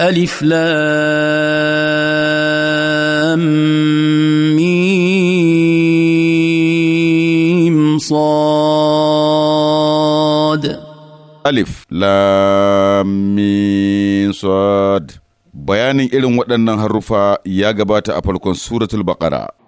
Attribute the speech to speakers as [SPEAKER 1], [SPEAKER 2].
[SPEAKER 1] ألف لام
[SPEAKER 2] alif صاد
[SPEAKER 3] bayanin irin waɗannan haruffa ya gabata a farkon suratul baƙara.